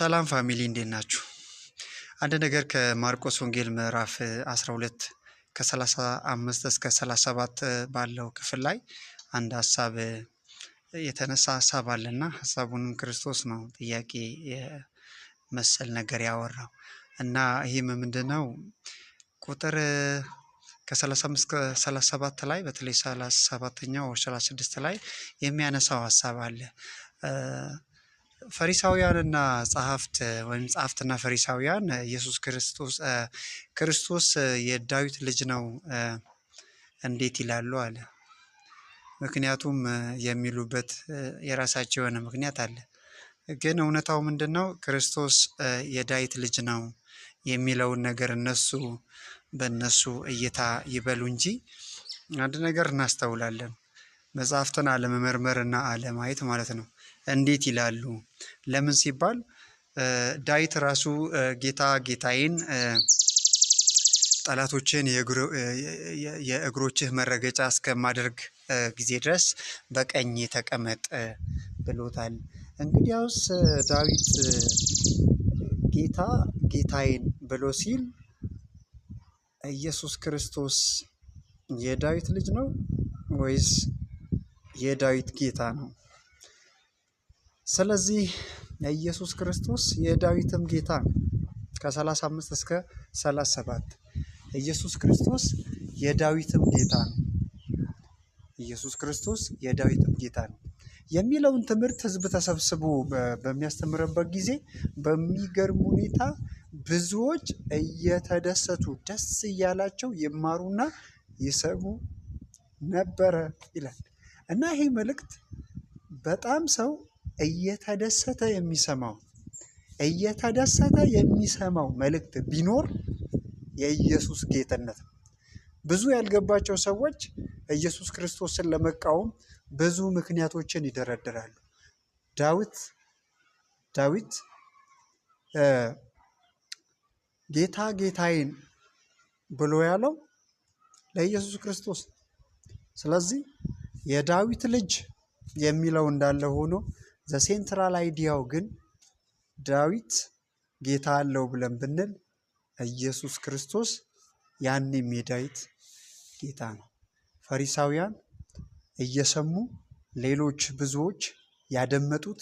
ሰላም ፋሚሊ እንዴት ናችሁ? አንድ ነገር ከማርቆስ ወንጌል ምዕራፍ 12 ከ35 እስከ 37 ባለው ክፍል ላይ አንድ ሀሳብ የተነሳ ሀሳብ አለና ሀሳቡንም ክርስቶስ ነው ጥያቄ መሰል ነገር ያወራው እና ይህም ምንድን ነው ቁጥር ከ35 እስከ 37 ላይ በተለይ 37ኛው 36 ላይ የሚያነሳው ሀሳብ አለ ፈሪሳውያንና ጸሐፍት ወይም ጸሐፍትና ፈሪሳውያን ኢየሱስ ክርስቶስ ክርስቶስ የዳዊት ልጅ ነው እንዴት ይላሉ አለ። ምክንያቱም የሚሉበት የራሳቸው የሆነ ምክንያት አለ። ግን እውነታው ምንድን ነው? ክርስቶስ የዳዊት ልጅ ነው የሚለውን ነገር እነሱ በእነሱ እይታ ይበሉ እንጂ አንድ ነገር እናስተውላለን። መጽሐፍትን እና አለማየት ማለት ነው። እንዴት ይላሉ? ለምን ሲባል ዳዊት ራሱ ጌታ ጌታዬን ጠላቶችን የእግሮችህ መረገጫ እስከማደርግ ጊዜ ድረስ በቀኝ ተቀመጥ ብሎታል። እንግዲያውስ ዳዊት ጌታ ጌታዬን ብሎ ሲል ኢየሱስ ክርስቶስ የዳዊት ልጅ ነው ወይስ የዳዊት ጌታ ነው። ስለዚህ ኢየሱስ ክርስቶስ የዳዊትም ጌታ ነው። ከ35 እስከ 37 ኢየሱስ ክርስቶስ የዳዊትም ጌታ ነው። ኢየሱስ ክርስቶስ የዳዊትም ጌታ ነው የሚለውን ትምህርት ህዝብ ተሰብስቦ በሚያስተምርበት ጊዜ በሚገርም ሁኔታ ብዙዎች እየተደሰቱ ደስ እያላቸው ይማሩና ይሰሙ ነበረ ይላል። እና ይሄ መልእክት በጣም ሰው እየተደሰተ የሚሰማው እየተደሰተ የሚሰማው መልእክት ቢኖር የኢየሱስ ጌትነት ነው። ብዙ ያልገባቸው ሰዎች ኢየሱስ ክርስቶስን ለመቃወም ብዙ ምክንያቶችን ይደረድራሉ። ዳዊት ዳዊት ጌታ ጌታዬን ብሎ ያለው ለኢየሱስ ክርስቶስ ስለዚህ የዳዊት ልጅ የሚለው እንዳለ ሆኖ ዘሴንትራል አይዲያው ግን ዳዊት ጌታ አለው ብለን ብንል ኢየሱስ ክርስቶስ ያንም የዳዊት ጌታ ነው። ፈሪሳውያን እየሰሙ ሌሎች ብዙዎች ያደመጡት